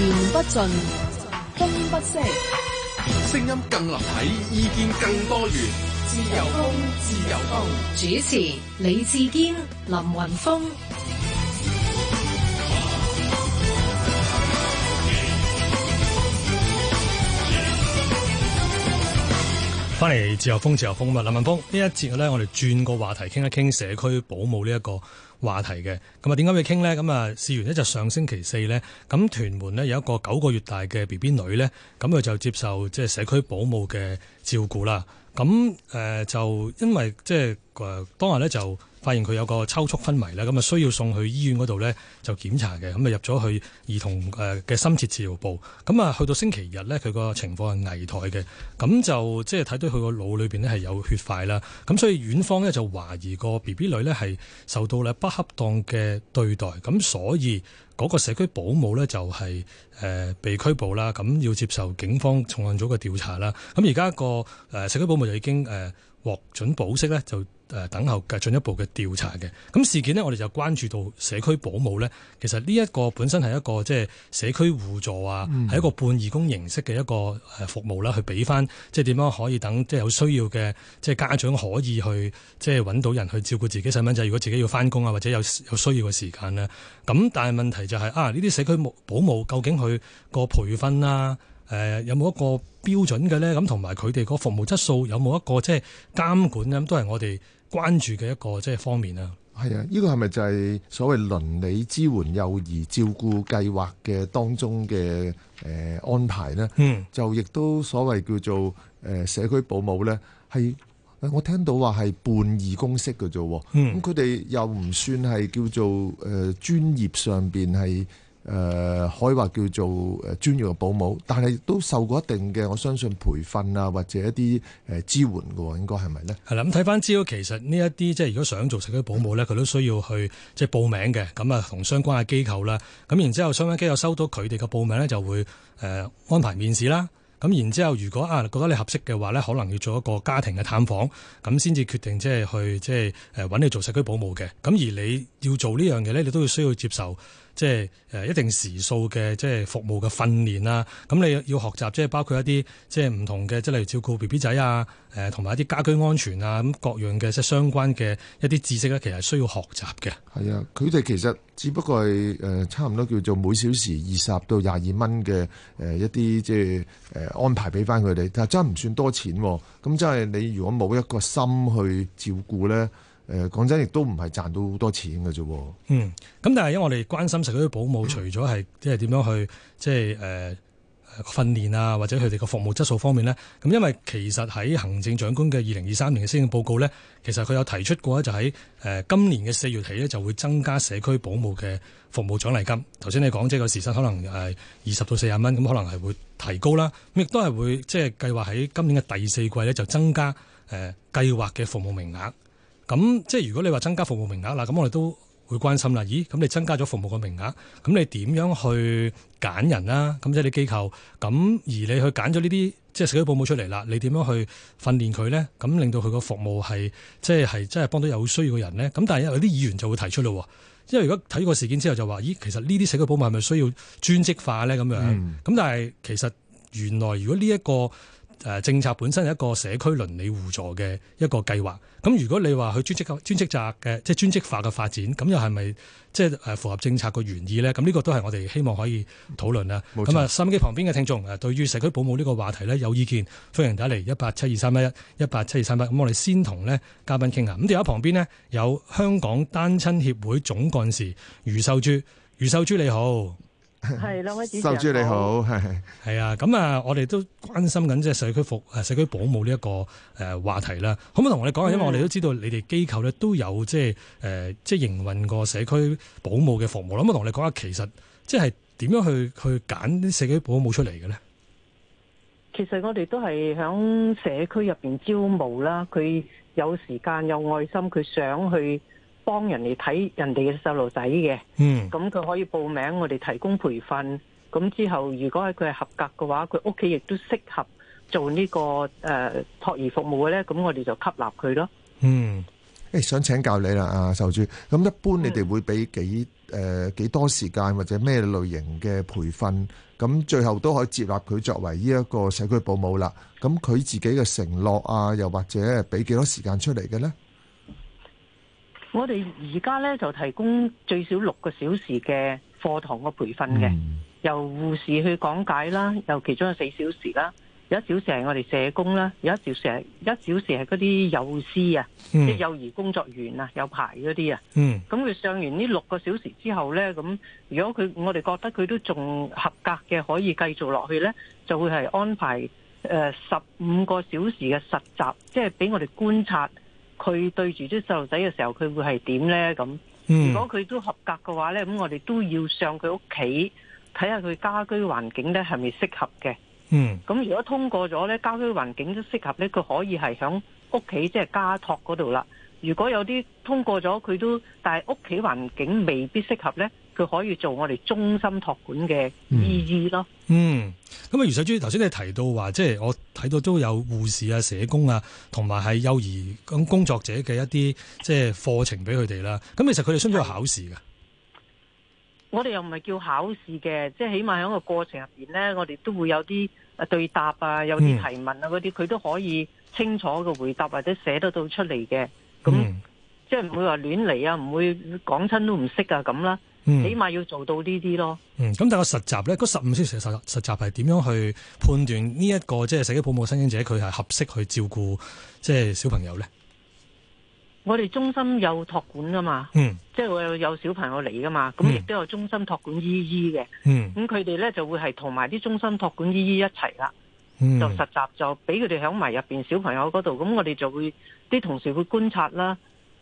言不盡，風不息，聲音更立體，意見更多元。自由風，自由風。主持李志堅、林雲峰。翻嚟自由風，自由風嘛，林雲峰。呢一節咧，我哋轉個話題，傾一傾社區保姆呢一個，話題嘅。咁啊，點解要傾呢？咁啊，試完呢，就上星期四呢，咁屯門呢有一個九個月大嘅 BB 女呢，咁佢就接受即係社區保姆嘅照顧啦。咁就因為即係誒當日呢，就。發現佢有個抽搐昏迷咧，咁啊需要送去醫院嗰度呢就檢查嘅，咁啊入咗去兒童誒嘅深切治療部，咁啊去到星期日呢佢個情況係危殆嘅，咁就即係睇到佢個腦裏邊呢係有血塊啦，咁所以院方呢就懷疑個 BB 女呢係受到呢不恰當嘅對待，咁所以嗰個社區保姆呢就係誒被拘捕啦，咁要接受警方重案組嘅調查啦，咁而家個社區保姆就已經誒獲准保釋呢。就。誒等候嘅進一步嘅調查嘅，咁事件呢，我哋就關注到社區保姆咧，其實呢一個本身係一個即係社區互助啊，係、嗯、一個半義工形式嘅一個服務啦，去俾翻即係點樣可以等即係有需要嘅即係家長可以去即係揾到人去照顧自己細蚊仔，就是、如果自己要翻工啊，或者有有需要嘅時間呢、啊。咁但係問題就係、是、啊，呢啲社區保姆究竟佢個培訓啦、啊，誒、呃、有冇一個標準嘅咧？咁同埋佢哋個服務質素有冇一個即係監管咁，都係我哋，關注嘅一個即係方面呢係啊，係啊，呢個係咪就係所謂鄰里支援幼兒照顧計劃嘅當中嘅誒、呃、安排咧？嗯，就亦都所謂叫做誒、呃、社區保姆咧，係我聽到話係半義工式嘅啫喎。嗯，咁佢哋又唔算係叫做誒、呃、專業上面係。誒、呃、可以話叫做誒專業嘅保姆，但係都受過一定嘅我相信培訓啊，或者一啲誒、呃、支援嘅喎，應該係咪呢？係啦，咁睇翻資料。其實呢一啲即係如果想做社區保姆咧，佢都需要去即係報名嘅。咁啊，同相關嘅機構啦，咁然之後相關機構收到佢哋嘅報名呢，就會誒、呃、安排面試啦。咁然之後，如果啊覺得你合適嘅話呢，可能要做一個家庭嘅探訪，咁先至決定即係去即係搵你做社區保姆嘅。咁而你要做呢樣嘢呢，你都要需要接受。即係誒一定時數嘅即係服務嘅訓練啊！咁你要學習即係包括一啲即係唔同嘅，即係例如照顧 BB 仔啊，誒同埋一啲家居安全啊，咁各樣嘅即係相關嘅一啲知識咧，其實需要學習嘅。係啊，佢哋其實只不過係誒差唔多叫做每小時二十到廿二蚊嘅誒一啲即係誒安排俾翻佢哋，但係真係唔算多錢喎。咁即係你如果冇一個心去照顧咧。誒講真，亦都唔係賺到好多錢嘅啫。嗯，咁但係因為我哋關心社區保姆， 除咗係即係點樣去即係誒訓練啊，或者佢哋個服務質素方面呢。咁因為其實喺行政長官嘅二零二三年嘅施政報告呢，其實佢有提出過咧，就喺誒今年嘅四月起呢，就會增加社區保姆嘅服務獎勵金。頭先你講即係個時薪可能誒二十到四十蚊，咁可能係會提高啦。亦都係會即係計劃喺今年嘅第四季呢，就增加誒計劃嘅服務名額。咁即係如果你話增加服務名額啦，咁我哋都會關心啦。咦？咁你增加咗服務個名額，咁你點樣去揀人啦？咁即係啲機構。咁而你去揀咗呢啲即係社區保姆出嚟啦，你點樣去訓練佢咧？咁令到佢個服務係即係真係幫到有需要嘅人咧。咁但係有啲議員就會提出咯。因為如果睇過事件之後就話：咦，其實呢啲社區保姆係咪需要專職化咧？咁樣。咁但係其實原來如果呢、這、一個誒政策本身係一個社區倫理互助嘅一個計劃，咁如果你話佢專職、專職責嘅，即係專職化嘅發展，咁又係咪即係符合政策嘅原意呢？咁呢個都係我哋希望可以討論啦。咁啊冇錯，收音機旁邊嘅聽眾誒，對於社區保姆呢個話題呢，有意見，歡迎打嚟一八七二三一一，一八七二三一一。咁我哋先同呢嘉賓傾下。咁電話旁邊呢，有香港單親協會總幹事余秀珠，余秀珠你好。係，朗威主你好。係係啊，咁啊，我哋都關心緊即係社區服、社區保姆呢一個誒話題啦。可唔可以同我哋講下？因為我哋都知道你哋機構咧都有即係誒，即係營運過社區保姆嘅服務。咁可唔可以同我哋講下？其實即係點樣去去揀啲社區保姆出嚟嘅咧？其實我哋都係響社區入邊招募啦。佢有時間、有愛心，佢想去。幫人哋睇人哋嘅細路仔嘅，咁佢可以報名，我哋提供培訓，咁之後如果係佢係合格嘅話，佢屋企亦都適合做呢個誒托兒服務嘅咧，咁我哋就吸納佢咯。嗯，誒，想請教你啦，阿秀珠，咁一般你哋會俾幾誒幾多時間或者咩類型嘅培訓，咁最後都可以接納佢作為呢一個社區保姆啦。咁佢自己嘅承諾啊，又或者俾幾多時間出嚟嘅咧？我哋而家咧就提供最少六個小時嘅課堂嘅培訓嘅，由護士去講解啦，由其中有四小時啦，有一小時係我哋社工啦，有一小時，有一小時係嗰啲幼師啊，即係幼兒工作員啊，有牌嗰啲啊。嗯，咁佢上完呢六個小時之後咧，咁如果佢我哋覺得佢都仲合格嘅，可以繼續落去咧，就會係安排誒十五個小時嘅實習，即係俾我哋觀察。佢對住啲細路仔嘅時候，佢會係點呢？咁如果佢都合格嘅話呢，咁我哋都要上佢屋企睇下佢家居環境呢係咪適合嘅？嗯，咁如果通過咗呢，家居環境都適合呢，佢可以係響屋企即係家托嗰度啦。如果有啲通過咗，佢都但係屋企環境未必適合呢，佢可以做我哋中心托管嘅意義咯。嗯。咁啊，余秀珠頭先你提到話，即係我睇到都有護士啊、社工啊，同埋係幼兒咁工作者嘅一啲即係課程俾佢哋啦。咁其實佢哋需唔需要考試噶？我哋又唔係叫考試嘅，即係起碼喺個過程入邊咧，我哋都會有啲誒對答啊，有啲提問啊嗰啲，佢都可以清楚嘅回答或者寫得到出嚟嘅。咁、嗯、即係唔會話亂嚟啊，唔會講親都唔識啊咁啦。就是嗯、起碼要做到呢啲咯。嗯，咁但係實習咧，十五小時實實習係點樣去判斷呢一個即係社區保姆申請者佢係合適去照顧即係小朋友咧？我哋中心有托管啊嘛，嗯，即係會有有小朋友嚟噶嘛，咁亦都有中心托管姨姨嘅，嗯，咁佢哋咧就會係同埋啲中心托管姨姨一齊啦，嗯、就實習就俾佢哋響埋入邊小朋友嗰度，咁我哋就會啲同事會觀察啦，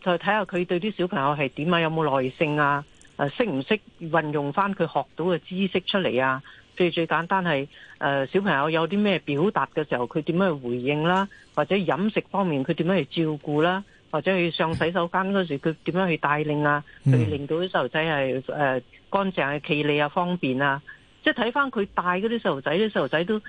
就睇下佢對啲小朋友係點啊，有冇耐性啊？誒，識唔識運用翻佢學到嘅知識出嚟啊？最最簡單係誒、呃，小朋友有啲咩表達嘅時候，佢點樣去回應啦、啊？或者飲食方面，佢點樣去照顧啦、啊？或者去上洗手間嗰時，佢點樣去帶領啊？去、mm hmm. 令到啲細路仔係誒乾淨、係企理啊、方便啊。即係睇翻佢帶嗰啲細路仔，啲細路仔都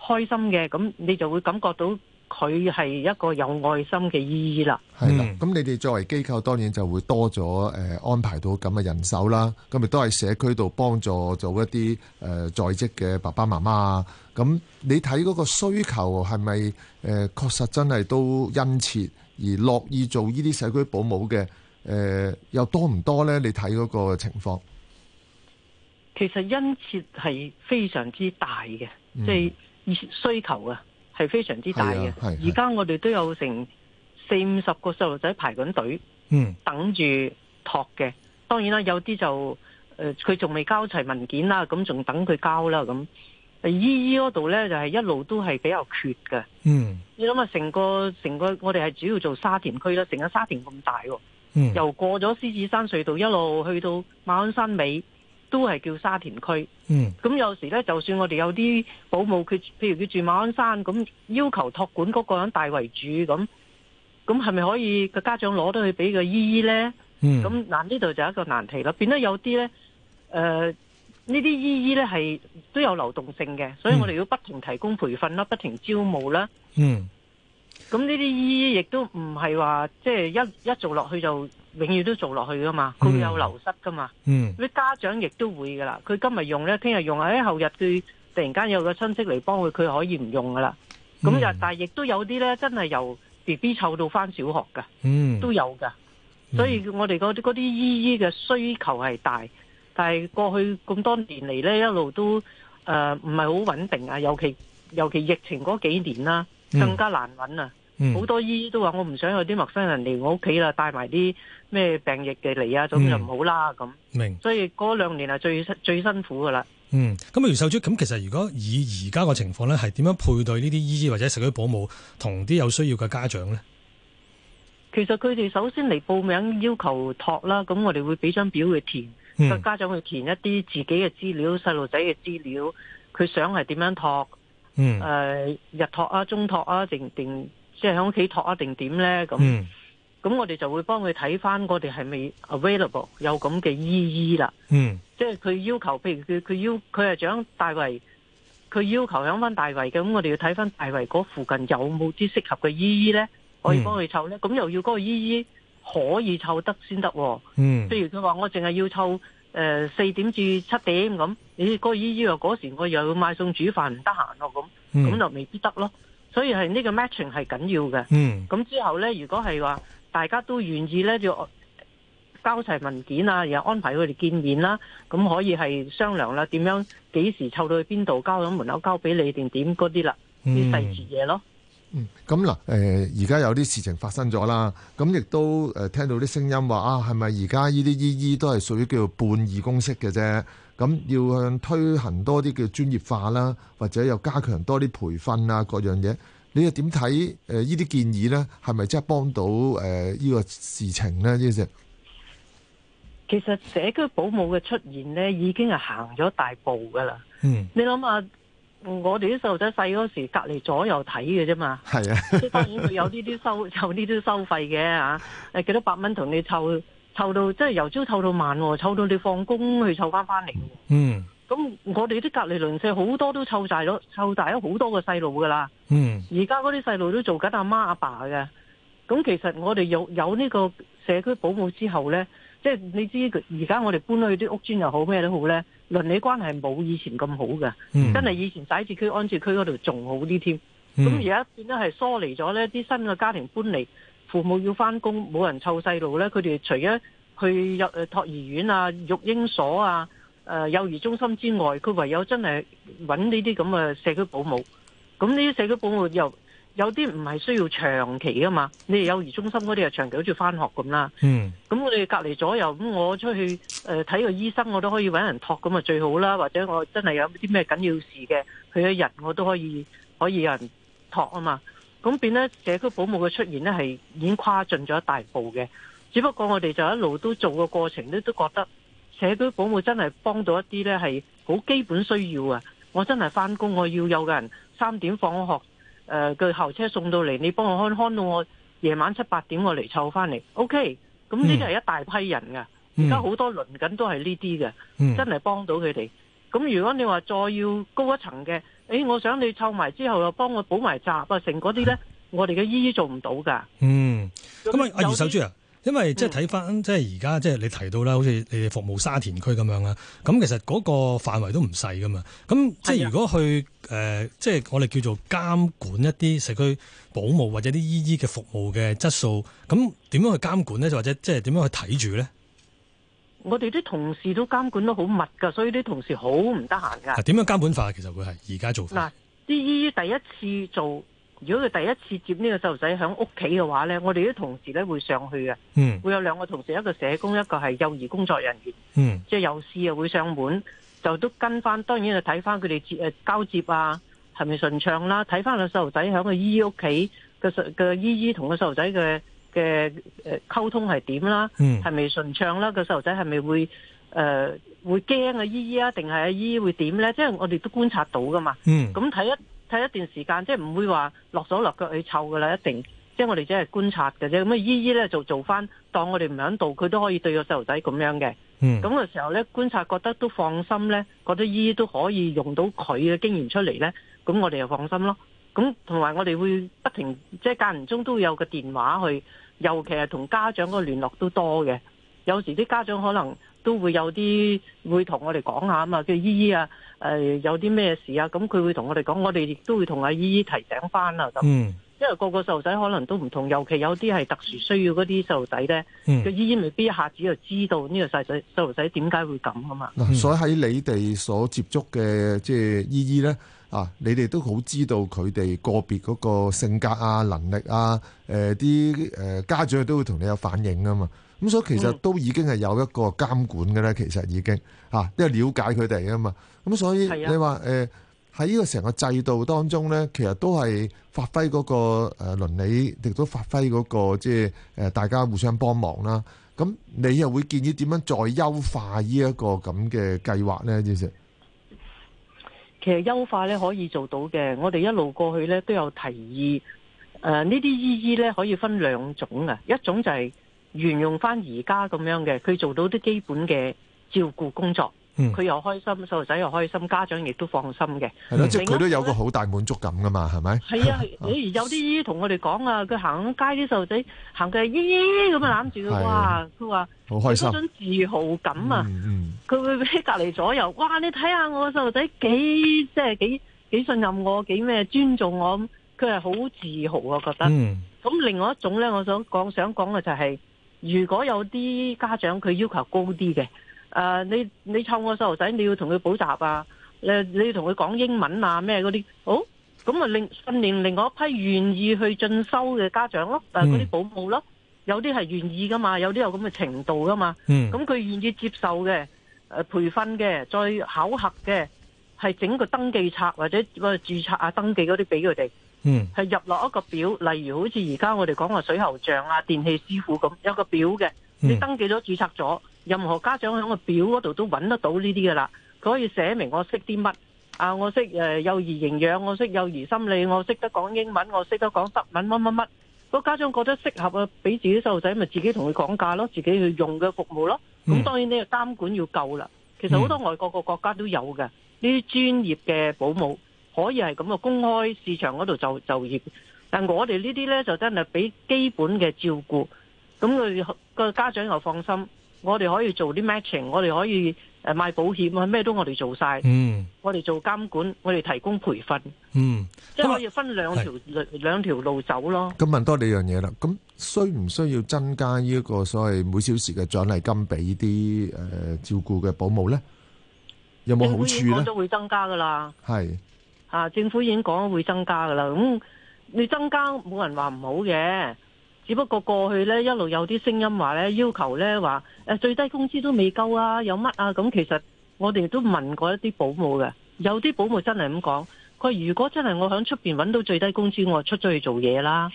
開心嘅，咁你就會感覺到。佢係一個有愛心嘅意義啦，係啦。咁你哋作為機構，當然就會多咗誒、呃、安排到咁嘅人手啦。咁咪都係社區度幫助做一啲誒、呃、在職嘅爸爸媽媽啊。咁你睇嗰個需求係咪誒確實真係都殷切而樂意做呢啲社區保姆嘅？誒、呃、又多唔多咧？你睇嗰個情況。其實殷切係非常之大嘅，即係、嗯、需求啊。係非常之大嘅，而家，啊，我哋都有成四五十個細路仔排緊隊，嗯，等住託嘅。當然些，呃、啦，有啲就誒，佢仲未交齊文件啦，咁仲等佢交啦咁。姨姨嗰度呢，就係、是，一路都係比較缺嘅。嗯，你諗下，成個成個我哋係主要做沙田區啦，成個沙田咁大，哦，嗯，由過咗獅子山隧道一路去到馬鞍山尾。都係叫沙田區。嗯，咁有時咧，就算我哋有啲保姆佢，譬如佢住馬鞍山咁，要求託管嗰個人大為主咁，咁係咪可以個家長攞到去俾個姨姨咧？嗯，咁嗱呢度就係一個難題啦，變得有啲咧，誒、呃、呢啲姨姨咧係都有流動性嘅，所以我哋要不停提供培訓啦，不停招募啦。嗯，咁呢啲姨姨亦都唔係話即係一一做落去就。永遠都做落去噶嘛，佢、嗯、會有流失噶嘛，啲、嗯、家長亦都會噶啦。佢今日用咧，聽日用，誒、哎、後日佢突然間有個親戚嚟幫佢，佢可以唔用噶啦。咁、嗯、就但係亦都有啲咧，真係由 B B 湊到返小學噶，嗯、都有噶。所以我哋嗰啲啲姨姨嘅需求係大，但係過去咁多年嚟咧一路都誒唔係好穩定啊，尤其尤其疫情嗰幾年啦、啊，更加難揾啊！嗯好、嗯、多醫師都話我唔想有啲陌生人嚟我屋企啦，帶埋啲咩病疫嘅嚟啊，咁就唔好啦。咁、嗯、明，所以嗰兩年係最，最辛苦噶啦。嗯，咁啊，余秀珠，咁其實如果以而家個情況咧，係點樣配對呢啲醫師或者社區保姆同啲有需要嘅家長咧？其實佢哋首先嚟報名要求托啦，咁我哋會俾張表去填，個、嗯、家長去填一啲自己嘅資料、細路仔嘅資料，佢想係點樣托？嗯，誒、呃，日托啊、中托啊，定定。即係喺屋企托一定點咧？咁咁、嗯、咁我哋就會幫佢睇翻，我哋係咪 available 有咁嘅姨姨啦？嗯，即係佢要求，譬如佢佢要佢係想大圍，佢要求響翻大圍嘅，咁我哋要睇翻大圍嗰附近有冇啲適合嘅姨姨咧，可以幫佢湊咧。咁、嗯、又要嗰個姨姨可以湊得先得。嗯，譬如佢話我淨係要湊誒四點至七點咁，咦、嗰個，嗰姨姨又嗰時我又要買餸煮飯唔得閒咯，咁咁、嗯、就未必得咯。所以係呢個 matching 係緊要嘅。咁之後咧，如果係話大家都願意咧，就交齊文件啊，然後安排佢哋見面啦，咁可以係商量啦，點樣幾時湊到去邊度交喺門口交俾你定點嗰啲啦，啲細節嘢咯。嗯，咁嗱，誒而家有啲事情發生咗啦，咁亦都誒聽到啲聲音話啊，係咪而家呢啲姨姨都係屬於叫做半義公式嘅啫？咁要向推行多啲嘅專業化啦，或者又加強多啲培訓啊，各樣嘢，你又點睇？誒、呃，呢啲建議咧，係咪真係幫到誒呢、呃這個事情咧？即係其實社區保姆嘅出現咧，已經係行咗大步噶啦。嗯，你諗下，我哋啲細路仔細嗰時隔離左右睇嘅啫嘛。係是啊，即 當然佢有呢啲收有呢啲收費嘅嚇，誒、啊、幾多百蚊同你湊。湊到即係由朝湊到晚喎，湊到你放工去湊翻翻嚟。嗯，咁我哋啲隔離鄰舍好多都湊晒咗，湊大咗好多個細路噶啦。嗯，而家嗰啲細路都做緊阿媽阿爸嘅。咁其實我哋有有呢個社區保姆之後呢，即係你知而家我哋搬去啲屋邨又好，咩都好呢，鄰里關係冇以前咁好嘅。嗯，真係以前徙置區、安置區嗰度仲好啲添。嗯，咁而家變得係疏離咗呢啲新嘅家庭搬嚟。父母要翻工，冇人湊細路呢。佢哋除咗去入托兒院啊、育嬰所啊、誒、呃、幼兒中心之外，佢唯有真係揾呢啲咁嘅社區保姆。咁呢啲社區保姆又有啲唔係需要長期噶嘛？你哋幼兒中心嗰啲就長期好似翻學咁啦。嗯。咁我哋隔離左右，咁我出去誒睇、呃、個醫生，我都可以揾人托，咁啊最好啦。或者我真係有啲咩緊要事嘅，去一日我都可以可以有人托啊嘛。咁變咧，社區保姆嘅出現咧係已經跨進咗一大步嘅。只不過我哋就一路都做嘅過，過程咧，都覺得社區保姆真係幫到一啲咧係好基本需要啊！我真係翻工，我要有個人三點放學，誒、呃、佢校車送到嚟，你幫我開開到我夜晚七八點我嚟湊翻嚟。OK，咁呢啲係一大批人嘅，而家好多輪緊都係呢啲嘅，真係幫到佢哋。咁如果你話再要高一層嘅？誒、欸，我想你湊埋之後又幫我補埋習啊，成嗰啲咧，的我哋嘅姨姨做唔到噶。嗯，咁啊，阿那余秀珠啊，嗯、因為即係睇翻，即係而家即係你提到啦，好似你哋服務沙田區咁樣啊，咁其實嗰個範圍都唔細噶嘛。咁即係如果去誒，即係的、呃就是、我哋叫做監管一啲社區保姆或者啲姨姨嘅服務嘅質素，咁點樣去監管咧？就或者即係點樣去睇住咧？我哋啲同事都監管得好密噶，所以啲同事好唔得閒噶。嗱，點樣監管法其實會係而家做法？嗱，啲姨姨第一次做，如果佢第一次接呢個細路仔喺屋企嘅話呢，我哋啲同事呢會上去嘅。嗯，會有兩個同事，一個社工，一個係幼兒工作人員。嗯，即係幼師又會上門，就都跟翻，當然就睇翻佢哋接誒交接啊，係咪順暢啦、啊？睇翻個細路仔喺個姨姨屋企嘅個姨姨同個細路仔嘅。嘅誒溝通係點啦，係咪順暢啦？個細路仔係咪會誒、呃、會驚啊？姨姨啊，定係阿姨姨會點咧？即、就、係、是、我哋都觀察到噶嘛。咁睇、嗯、一睇一段時間，即係唔會話落手落腳去湊噶啦，一定。即係我哋只係觀察嘅啫。咁啊姨姨咧就做翻，當我哋唔喺度，佢都可以對、嗯、個細路仔咁樣嘅。咁嘅時候咧，觀察覺得都放心咧，覺得姨姨都可以用到佢嘅經驗出嚟咧，咁我哋又放心咯。咁同埋我哋會不停，即係間唔中都會有個電話去。尤其係同家長嗰個聯絡都多嘅，有時啲家長可能都會有啲會同我哋講下啊嘛，叫「姨姨」啊，誒、呃、有啲咩事啊，咁佢會同我哋講，我哋亦都會同阿姨姨提醒翻啦，就，因為個個細路仔可能都唔同，尤其有啲係特殊需要嗰啲細路仔咧，個、嗯、姨姨未必一下子就知道呢個細細細路仔點解會咁啊嘛。嗯、所以喺你哋所接觸嘅即係姨姨咧。啊！你哋都好知道佢哋個別嗰個性格啊、能力啊、誒啲誒家長都會同你有反應啊嘛。咁所以其實都已經係有一個監管嘅咧，其實已經嚇、啊，因為了解佢哋啊嘛。咁所以你話誒喺呢個成個制度當中咧，其實都係發揮嗰個誒倫理，亦都發揮嗰個即係誒大家互相幫忙啦。咁你又會建議點樣再優化呢一個咁嘅計劃咧？於、就是其實優化咧可以做到嘅。我哋一路過去咧都有提議，誒呢啲姨姨咧可以分兩種啊，一種就係沿用翻而家咁樣嘅，佢做到啲基本嘅照顧工作。佢又開心，細路仔又開心，家長亦都放心嘅。係咯，即係佢都有個好大滿足感噶嘛，係咪？係啊，有啲同我哋講啊，佢行街啲細路仔行嘅咦咁啊攬住佢，哇！佢話好開心，嗰種自豪感啊！佢會喺隔籬左右，哇！你睇下我個細路仔幾即係幾幾信任我，幾咩尊重我，佢係好自豪啊！我覺得咁，另外一種咧，我想講想講嘅就係，如果有啲家長佢要求高啲嘅。誒、啊，你你湊我細路仔，你要同佢補習啊？誒，你要同佢講英文啊？咩嗰啲？好，咁啊令訓練另外一批願意去進修嘅家長咯、啊，誒、嗯，嗰啲保姆咯、啊，有啲係願意噶嘛，有啲有咁嘅程度噶嘛。咁佢願意接受嘅，誒、呃，培訓嘅，再考核嘅，係整個登記冊或者個、呃、註冊啊、登記嗰啲俾佢哋。嗯，係入落一個表，例如好似而家我哋講話水喉匠啊、電器師傅咁，有一個表嘅，你登記咗、註冊咗。嗯。任何家長喺個表嗰度都揾得到呢啲噶啦。佢可以寫明我識啲乜啊？我識誒幼兒營養，我識幼兒心理，我識得講英文，我識得講德文，乜乜乜。個家長覺得適合啊，俾自己細路仔，咪自己同佢講價咯，自己去用嘅服務咯。咁當然你嘅監管要夠啦。其實好多外國個國家都有嘅呢啲專業嘅保姆，可以係咁嘅公開市場嗰度就就業。但係我哋呢啲呢就真係俾基本嘅照顧，咁佢個家長又放心。我哋可以做啲 matching，我哋可以誒賣保險啊，咩都我哋做晒。嗯，我哋做監管，我哋提供培訓。嗯，即係可以分兩條兩條路走咯。咁問多你樣嘢啦，咁需唔需要增加呢一個所謂每小時嘅獎勵金俾啲誒照顧嘅保姆咧？有冇好處咧？政府已經講都會增加噶啦。係啊，政府已經講會增加噶啦。咁你增加冇人話唔好嘅。只不過過去咧，一路有啲聲音話咧，要求咧話，誒最低工資都未夠啊，有乜啊？咁其實我哋都問過一啲保姆嘅，有啲保姆真係咁講，佢如果真係我喺出邊揾到最低工資，我出咗去做嘢啦，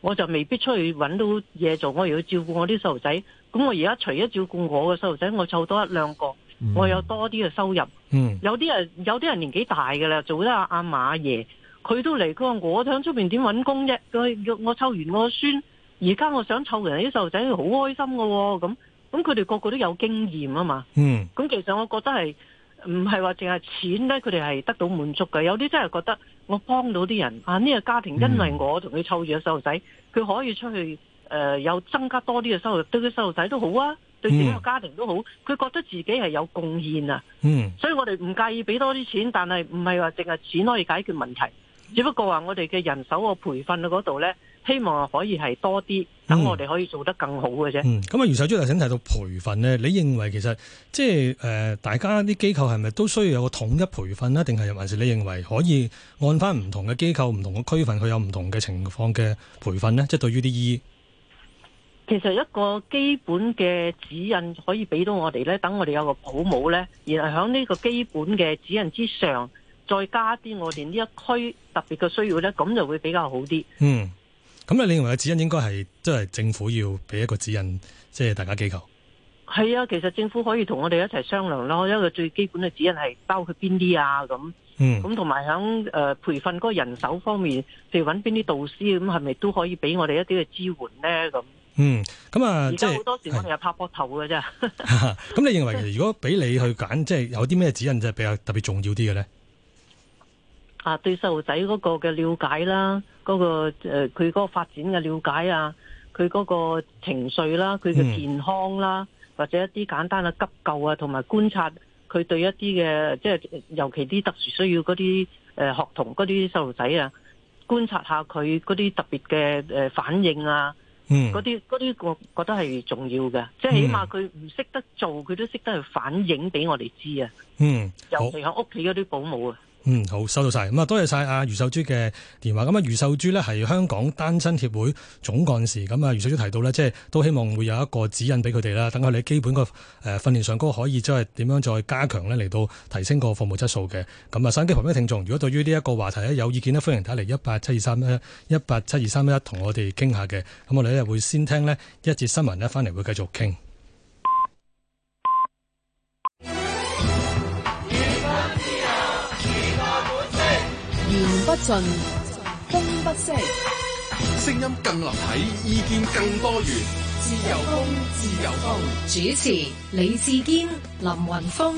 我就未必出去揾到嘢做，我如果照顧我啲細路仔，咁我而家除咗照顧我嘅細路仔，我湊多一兩個，我有多啲嘅收入。嗯、有啲人有啲人年紀大嘅啦，做得阿馬阿嫲阿爺，佢都嚟，佢話我響出邊點揾工啫？佢我湊完我孫。而家我想湊人啲細路仔好開心噶，哦，咁咁佢哋個個都有經驗啊嘛。嗯，咁其實我覺得係唔係話淨係錢咧，佢哋係得到滿足嘅。有啲真係覺得我幫到啲人啊，呢、這個家庭因為我同佢湊住個細路仔，佢、嗯、可以出去誒、呃，有增加多啲嘅收入，對啲細路仔都好啊，對自己個家庭都好。佢、嗯、覺得自己係有貢獻啊。嗯，所以我哋唔介意俾多啲錢，但係唔係話淨係錢可以解決問題，只不過話我哋嘅人手個培訓喺嗰度咧。希望可以係多啲，等我哋可以做得更好嘅啫。咁啊、嗯，余秀珠又想提到培訓呢，你認為其實即係誒、呃，大家啲機構係咪都需要有個統一培訓呢，定係還是你認為可以按翻唔同嘅機構、唔同嘅區份佢有唔同嘅情況嘅培訓呢？即係對於啲醫，其實一個基本嘅指引可以俾到我哋呢，等我哋有個保姆呢，而係喺呢個基本嘅指引之上，再加啲我哋呢一區特別嘅需要呢，咁就會比較好啲。嗯。咁你認為嘅指引應該係即係政府要俾一個指引，即係大家機構係啊。其實政府可以同我哋一齊商量咯。一個最基本嘅指引係包括邊啲啊？咁咁同埋喺誒培訓嗰個人手方面，譬如揾邊啲導師，咁係咪都可以俾我哋一啲嘅支援呢？咁嗯，咁啊，而家好多時候我哋有拍膊頭嘅啫。咁 你認為如果俾你去揀，即係有啲咩指引就比較特別重要啲嘅咧？啊，對細路仔嗰個嘅了解啦，嗰、嗰個誒，佢、呃、嗰個發展嘅了解啊，佢嗰個情緒啦，佢嘅健康啦，嗯、或者一啲簡單嘅急救啊，同埋觀察佢對一啲嘅，即係尤其啲特殊需要嗰啲誒學童嗰啲細路仔啊，觀察下佢嗰啲特別嘅誒反應啊，嗯，嗰啲嗰啲我覺得係重要嘅，即係、嗯、起碼佢唔識得做，佢都識得去反映俾我哋知啊，嗯，尤其喺屋企嗰啲保姆啊。嗯，好，收到晒，咁啊，多謝晒阿余秀珠嘅電話。咁啊，余秀珠呢係香港單親協會總幹事。咁啊，余秀珠提到呢，即係都希望會有一個指引俾佢哋啦。等佢哋基本個誒訓練上高可以即係點樣再加強呢，嚟到提升個服務質素嘅。咁啊，收音機旁邊嘅聽眾，如果對於呢一個話題呢有意見呢，歡迎打嚟一八七二三一一八七二三一一，同我哋傾下嘅。咁我哋呢，會先聽呢一節新聞呢，翻嚟會繼續傾。言不盡，風不息，聲音更立體，意見更多元，自由風，自由風。主持：李志堅、林雲峰。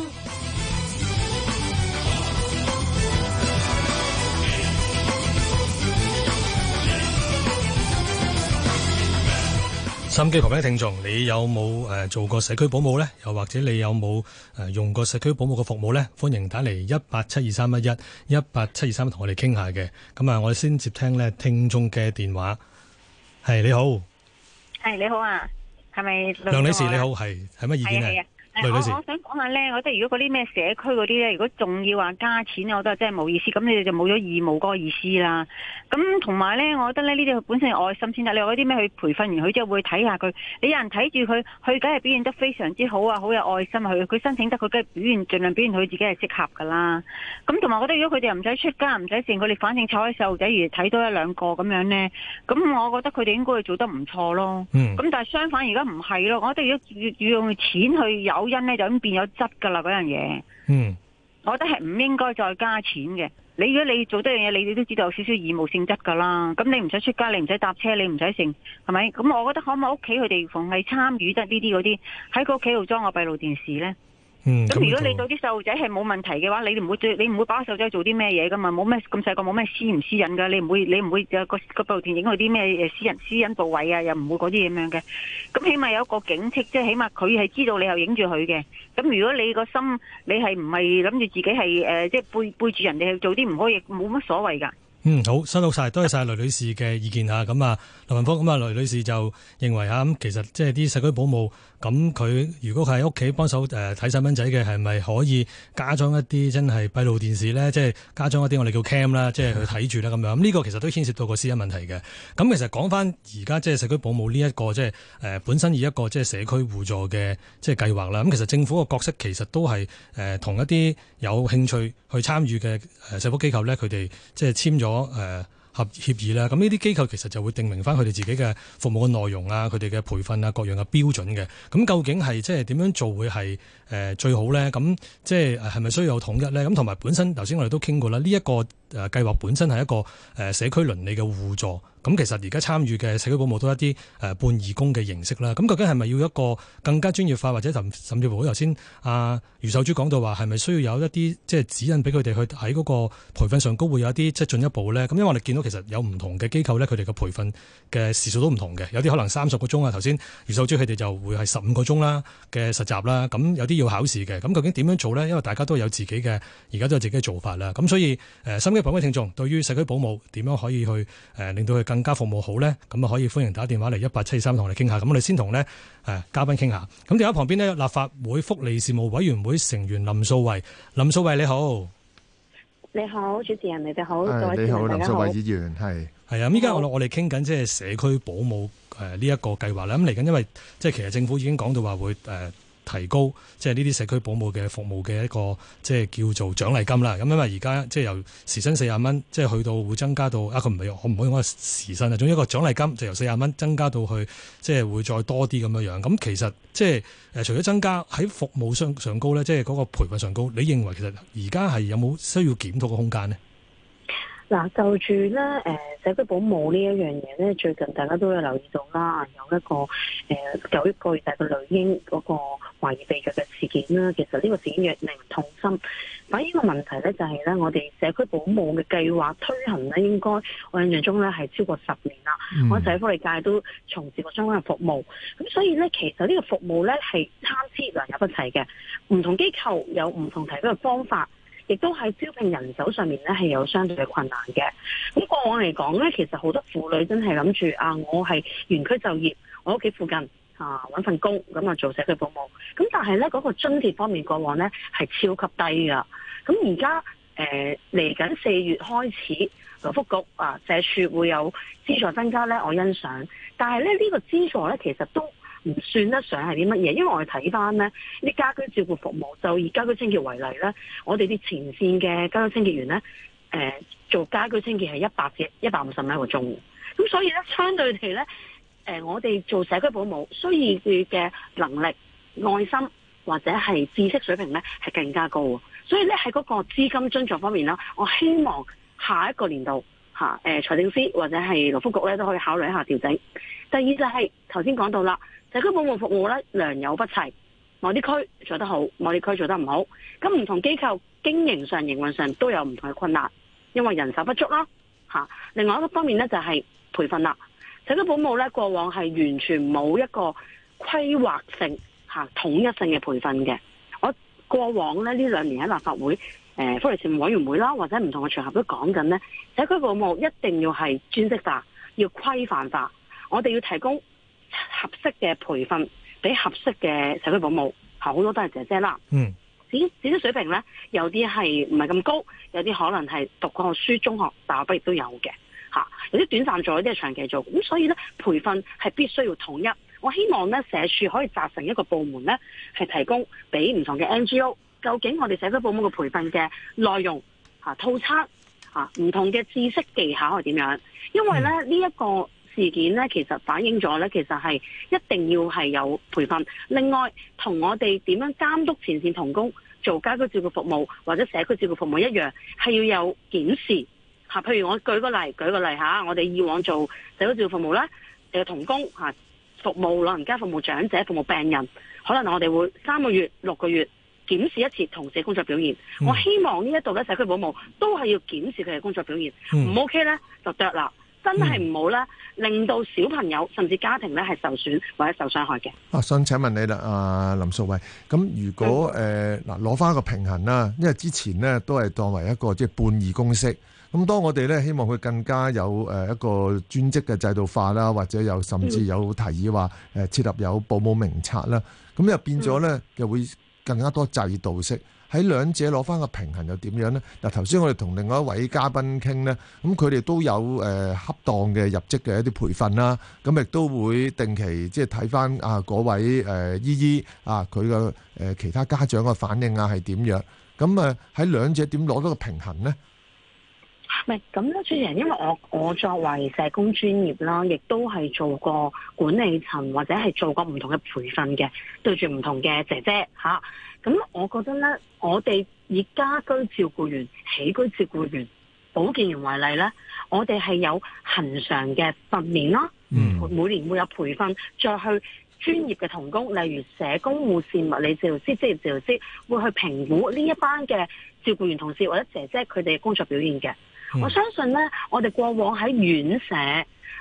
心機旁邊嘅聽眾，你有冇誒做過社區保姆呢？又或者你有冇誒用過社區保姆嘅服務呢？歡迎打嚟一八七二三一一一八七二三同我哋傾下嘅。咁啊，我哋先接聽呢聽眾嘅電話。係你好，係你好啊，係咪梁女士你好？係，係乜意見呢？我，我想講下咧，我覺得如果嗰啲咩社區嗰啲咧，如果仲要話加錢，我覺得真係冇意思。咁你哋就冇咗義務嗰個意思啦。咁同埋咧，我覺得咧呢啲佢本身有愛心先得。但你話嗰啲咩去培訓完佢之後會睇下佢，你有人睇住佢，佢梗係表現得非常之好啊，好有愛心。佢佢申請得，佢梗係表現盡量表現佢自己係適合噶啦。咁同埋我覺得，如果佢哋又唔使出街，唔使剩，佢哋反正湊開細路仔，如睇多一兩個咁樣咧，咁我覺得佢哋應該做得唔錯咯。嗯。咁但係相反，而家唔係咯，我覺得如果要要用錢去有。因咧，就已經變咗質噶啦，嗰樣嘢，嗯，我覺得係唔應該再加錢嘅。你如果你做多樣嘢，你哋都知道有少少義務性質噶啦。咁你唔使出街，你唔使搭車，你唔使剩，係咪？咁我覺得可唔可以屋企佢哋逢係參與得呢啲嗰啲喺個屋企度裝個閉路電視咧？咁、嗯嗯、如果你對啲細路仔係冇問題嘅話，你唔會最，你唔會把細路仔做啲咩嘢噶嘛？冇咩咁細個，冇咩私唔私隱噶？你唔會，你唔會有個，個部電影去啲咩私人私隱部位啊？又唔會嗰啲咁樣嘅。咁起碼有一個警惕，即係起碼佢係知道你又影住佢嘅。咁如果你個心，你係唔係諗住自己係誒、呃，即係背背住人哋去做啲唔可以，冇乜所謂噶。嗯，好，收到晒，多謝晒雷女士嘅意見吓。咁啊，林文峰咁啊，雷女士就認為吓，咁、啊、其實即係啲社區保姆。咁佢如果佢喺屋企幫手誒睇細蚊仔嘅，係咪可以加裝一啲真係閉路電視咧？即係加裝一啲我哋叫 cam 啦，即係去睇住啦咁樣。咁呢個其實都牽涉到個私隱問題嘅。咁其實講翻而家即係社區保姆呢一個即係誒本身以一個即係社區互助嘅即係計劃啦。咁其實政府個角色其實都係誒同一啲有興趣去參與嘅誒社福機構咧，佢哋即係簽咗誒。合協議啦，咁呢啲機構其實就會定明翻佢哋自己嘅服務嘅內容啊，佢哋嘅培訓啊，各樣嘅標準嘅，咁究竟係即係點樣做會係誒最好咧？咁即係係咪需要有統一咧？咁同埋本身頭先我哋都傾過啦，呢一個。誒計劃本身係一個誒社區倫理嘅互助，咁其實而家參與嘅社區保姆都係一啲誒半義工嘅形式啦。咁究竟係咪要一個更加專業化，或者甚甚至乎頭先阿余秀珠講到話，係咪需要有一啲即係指引俾佢哋去喺嗰個培訓上高會有一啲即係進一步咧？咁因為我哋見到其實有唔同嘅機構咧，佢哋嘅培訓嘅時數都唔同嘅，有啲可能三十個鐘啊，頭先余秀珠佢哋就會係十五個鐘啦嘅實習啦。咁有啲要考試嘅，咁究竟點樣做咧？因為大家都有自己嘅，而家都有自己嘅做法啦。咁所以誒、呃各位聽眾，對於社區保姆點樣可以去誒、呃、令到佢更加服務好呢？咁啊可以歡迎打電話嚟一八七三同我哋傾下。咁我哋先同呢誒、呃、嘉賓傾下。咁電話旁邊呢，立法會福利事務委員會成員林素蔚。林素蔚你好。你好主持人，你哋好，各位、哎、你好。林素蔚議員係係啊。咁依家我我哋傾緊即係社區保姆誒呢一個計劃啦。咁嚟緊，因為即係其實政府已經講到話會誒。呃提高即係呢啲社區保姆嘅服務嘅一個即係叫做獎勵金啦，咁因為而家即係由時薪四十蚊，即係去到會增加到一，佢唔係樣，我唔可以用個時薪啊，總之一個獎勵金就由四十蚊增加到去即係會再多啲咁樣樣，咁其實即係誒，除咗增加喺服務上上高咧，即係嗰個培訓上高，你認為其實而家係有冇需要檢討嘅空間咧？嗱、啊，就住咧、呃，社區保姆呢一樣嘢咧，最近大家都有留意到啦，有一個誒九、呃、個月大嘅女嬰嗰個懷疑被虐嘅事件啦。其實呢個事件越嚟越痛心。反映個問題咧，就係、是、咧，我哋社區保姆嘅計劃推行咧，應該我印象中咧係超過十年啦。嗯、我喺福利界都從事過相關嘅服務，咁所以咧，其實呢個服務咧係參差良莠不齊嘅，唔同機構有唔同提供嘅方法。亦都喺招聘人手上面咧，係有相對嘅困難嘅。咁過往嚟講咧，其實好多婦女真係諗住啊，我係園區就業，我屋企附近啊揾份工咁啊做社區服務。咁但係咧，嗰個津貼方面過往咧係超級低噶。咁而家誒嚟緊四月開始，勞福局啊社署會有資助增加咧，我欣賞。但係咧呢個資助咧其實都。唔算得上係啲乜嘢，因為我哋睇翻呢啲家居照顧服務，就以家居清潔為例呢，我哋啲前線嘅家居清潔員呢，誒、呃、做家居清潔係一百至一百五十蚊一個鐘，咁所以呢，相對地呢，誒、呃、我哋做社區保姆，需要佢嘅能力、愛心或者係知識水平呢，係更加高，所以呢，喺嗰個資金樽頸方面呢，我希望下一個年度嚇誒、啊呃、財政司或者係勞福局呢，都可以考慮一下調整。第二就係頭先講到啦，社區保姆服務服務咧良莠不齊，某啲區做得好，某啲區做得唔好，咁唔同機構經營上、營運上都有唔同嘅困難，因為人手不足啦、啊、另外一個方面咧就係、是、培訓啦，社區保姆咧過往係完全冇一個規劃性嚇、啊、統一性嘅培訓嘅。我過往咧呢兩年喺立法會、欸、福利事務委員會啦，或者唔同嘅場合都講緊咧，社區保姆一定要係專職化，要規範化。我哋要提供合適嘅培訓俾合適嘅社區保姆，好多都係姐姐啦。嗯，自己水平咧，有啲係唔係咁高，有啲可能係讀過書、中學、大學畢業都有嘅，有啲短暫做，有啲係長期做。咁所以咧，培訓係必須要統一。我希望咧，社署可以集成一個部門咧，係提供俾唔同嘅 NGO，究竟我哋社區保姆嘅培訓嘅內容、套餐、唔同嘅知識技巧係點樣？因為咧呢一、嗯這個。事件咧，其實反映咗咧，其實係一定要係有培訓。另外，同我哋點樣監督前線同工做家居照顧服務或者社區照顧服務一樣，係要有檢視下。譬如我舉個例，舉個例下，我哋以往做社區照顧服務咧，誒同工服務老人家、服務長者、服務病人，可能我哋會三個月、六個月檢視一次同事工作表現。嗯、我希望呢一度咧，社區保姆都係要檢視佢嘅工作表現，唔 OK 咧就 drop 啦。真係唔好啦，令到小朋友甚至家庭咧係受損或者受傷害嘅。啊，想請問你啦，阿、啊、林素蔚，咁如果誒嗱攞翻一個平衡啦，因為之前呢，都係當為一個即係、就是、半義公式。咁當我哋咧希望佢更加有誒一個專職嘅制度化啦，或者有甚至有提議話誒的設立有保姆名冊啦，咁又變咗咧又會更加多制度式。喺兩者攞翻個平衡又點樣呢？嗱，頭先我哋同另外一位嘉賓傾呢，咁佢哋都有誒恰當嘅入職嘅一啲培訓啦，咁亦都會定期即係睇翻啊嗰位誒姨姨啊佢嘅誒其他家長嘅反應啊係點樣？咁誒喺兩者點攞到個平衡呢？唔係咁咧，主持人，因為我我作為社工專業啦，亦都係做過管理層或者係做過唔同嘅培訓嘅，對住唔同嘅姐姐嚇，咁我覺得呢。我哋以家居照顧員、起居照顧員、保健員為例呢，我哋係有恒常嘅訓練啦。嗯，每年會有培訓，再去專業嘅同工，例如社工、護士、物理治療師、職業治療師，會去評估呢一班嘅照顧員同事或者姐姐佢哋工作表現嘅。我相信呢，我哋過往喺院舍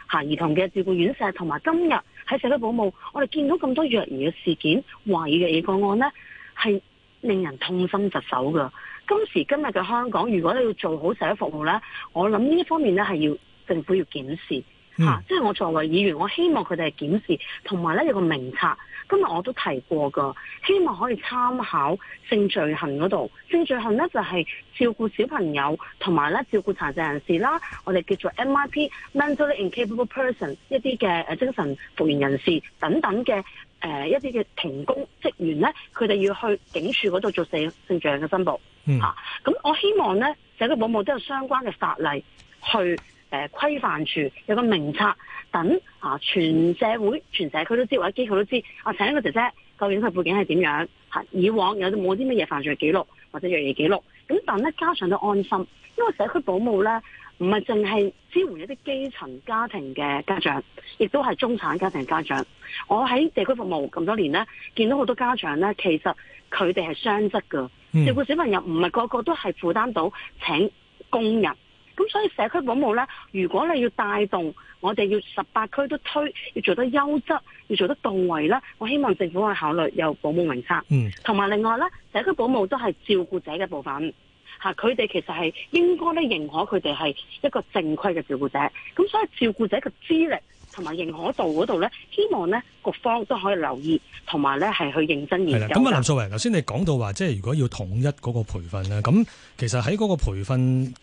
吓兒童嘅照顧院舍，同埋今日喺社區保姆，我哋見到咁多虐兒嘅事件、懷疑虐兒個案呢係，令人痛心疾首噶，今時今日嘅香港，如果你要做好社福服務呢，我諗呢一方面呢係要政府要檢視嚇、嗯啊，即係我作為議員，我希望佢哋係檢視，同埋呢有個名冊。今日我都提過噶，希望可以參考性罪行嗰度，性罪行呢就係、是、照顧小朋友，同埋咧照顧殘疾人士啦，我哋叫做 MIP mentally incapable person 一啲嘅精神復原人士等等嘅。誒、呃，一啲嘅同工職員咧，佢哋要去警署嗰度做性性罪嘅申報，吓、嗯，咁、啊、我希望咧，社區保姆都有相關嘅法例去誒規範住，有個名冊，等啊全社會、全社區都知道，或者機構都知道，啊，請一個姐姐究竟佢背景係點樣，吓、啊，以往有冇啲乜嘢犯罪記錄或者虐兒記錄，咁但係咧加上都安心，因為社區保姆咧。唔係淨係支援一啲基層家庭嘅家長，亦都係中產家庭家長。我喺地區服務咁多年呢，見到好多家長呢，其實佢哋係雙職㗎，照顧小朋友唔係個個都係負擔到請工人。咁所以社區保姆呢，如果你要帶動我哋要十八區都推，要做得優質，要做得到位呢，我希望政府去考慮有保姆名冊。同埋另外呢，社區保姆都係照顧者嘅部分。吓，佢哋其實係應該咧認可佢哋係一個正規嘅照顧者，咁所以照顧者嘅資歷同埋認可度嗰度咧，希望咧各方都可以留意，同埋咧係去認真研究。咁啊，林素蔚，頭先你講到話，即係如果要統一嗰個培訓咧，咁其實喺嗰個培訓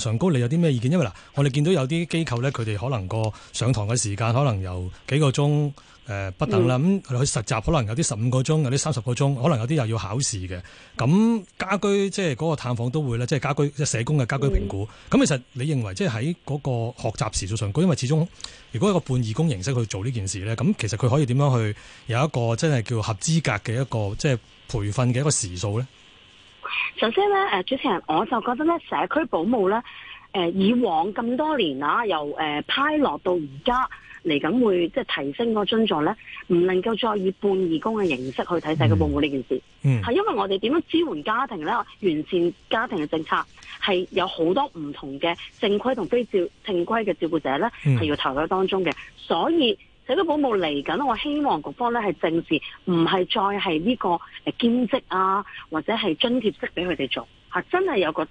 上高，你有啲咩意見？因為嗱，我哋見到有啲機構咧，佢哋可能個上堂嘅時間可能由幾個鐘。誒、呃、不等啦，咁、嗯、去、嗯、實習可能有啲十五個鐘，有啲三十個鐘，可能有啲又要考試嘅。咁家居即係嗰個探訪都會咧，即係家居即係社工嘅家居評估。咁、嗯、其實你認為即係喺嗰個學習時數上，因為始終如果一個半義工形式去做呢件事咧，咁其實佢可以點樣去有一個即係叫合資格嘅一個即係培訓嘅一個時數咧？首先咧，誒主持人，我就覺得咧，社區保姆咧，誒以往咁多年啊，由誒、呃、派落到而家。嚟緊會即係提升個尊重，咧，唔能夠再以半義工嘅形式去睇社區保姆呢件事，係、嗯、因為我哋點樣支援家庭咧，完善家庭嘅政策係有好多唔同嘅正規同非照正規嘅照顧者咧係要投入當中嘅，所以社區保姆嚟緊，我希望局方咧係正視，唔係再係呢個誒兼職啊，或者係津貼式俾佢哋做嚇、啊，真係有個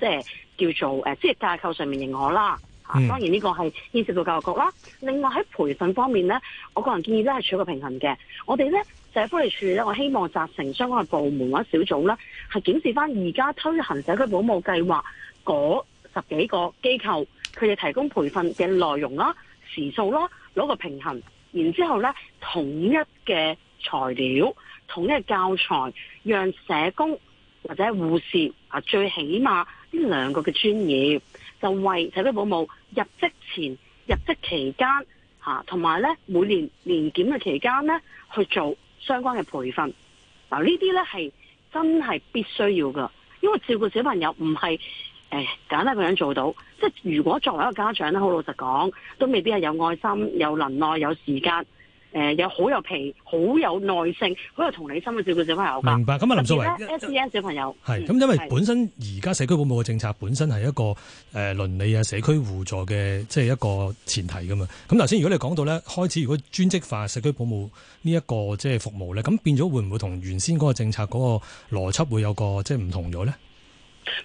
即係叫做誒資歷架構上面認可啦。啊、當然呢個係牽涉到教育局啦。另外喺培訓方面呢，我個人建議咧係取個平衡嘅。我哋呢社福利處呢，我希望集成相關嘅部門或者小組啦，係檢視返而家推行社區保姆計劃嗰十幾個機構，佢哋提供培訓嘅內容啦、時數啦，攞個平衡，然之後呢，統一嘅材料、統一嘅教材，讓社工或者護士啊，最起碼呢兩個嘅專業。就為社區保姆入職前、入職期間吓同埋咧每年年檢嘅期間咧去做相關嘅培訓。嗱，呢啲咧係真係必須要噶，因為照顧小朋友唔係誒簡單咁樣做到。即係如果作為一個家長咧，好老實講，都未必係有愛心、有能耐、有時間。誒、呃，有好有皮，好有耐性，好有同理心嘅照顧小朋友。明白是，咁啊、嗯，林素蔚 S S 小朋友係，咁因為本身而家社區保姆嘅政策本身係一個誒鄰里啊社區互助嘅即係一個前提噶嘛。咁頭先如果你講到咧開始如果專職化社區保姆呢一個即係服務咧，咁變咗會唔會同原先嗰個政策嗰個邏輯會有個即係唔同咗咧？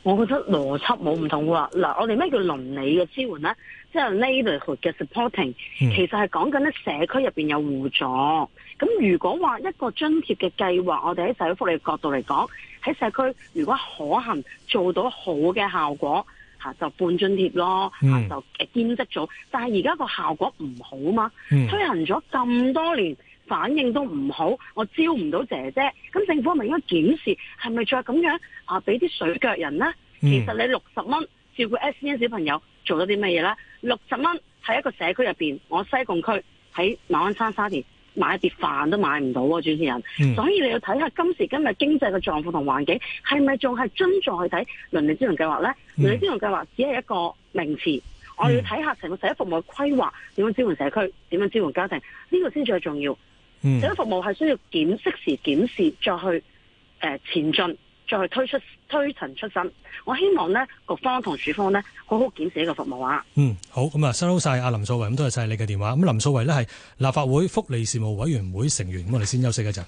我覺得邏輯冇唔同噶嗱，我哋咩叫鄰里嘅支援咧？即係 neighborhood 嘅 supporting，、嗯、其實係講緊咧社區入邊有互助。咁如果話一個津貼嘅計劃，我哋喺社會福利嘅角度嚟講，喺社區如果可行做到好嘅效果，吓就半津貼咯，嗯、就兼職咗。但係而家個效果唔好嘛，嗯、推行咗咁多年，反應都唔好，我招唔到姐姐。咁政府咪應該檢視係咪再咁樣啊？俾啲水腳人咧？嗯、其實你六十蚊照顧 S 輕小朋友，做咗啲咩嘢咧？六十蚊喺一個社區入邊，我西貢區喺馬鞍山沙田買一碟飯都買唔到啊！主持人，嗯、所以你要睇下今時今日經濟嘅狀況同環境係咪仲係尊重去睇鄰里支援計劃咧？鄰里、嗯、支援計劃只係一個名詞，我要睇下成個社福服務嘅規劃點樣支援社區，點樣支援家庭呢、呢個先最重要。社福、嗯、服務係需要檢適時檢視，再去誒、呃、前進。再推出推陳出新，我希望呢局方同署方呢好好檢視呢個服務啊。嗯，好，咁啊，收收曬阿林素蔚，咁多謝晒你嘅電話。咁林素蔚呢係立法會福利事務委員會成員，咁我哋先休息一陣。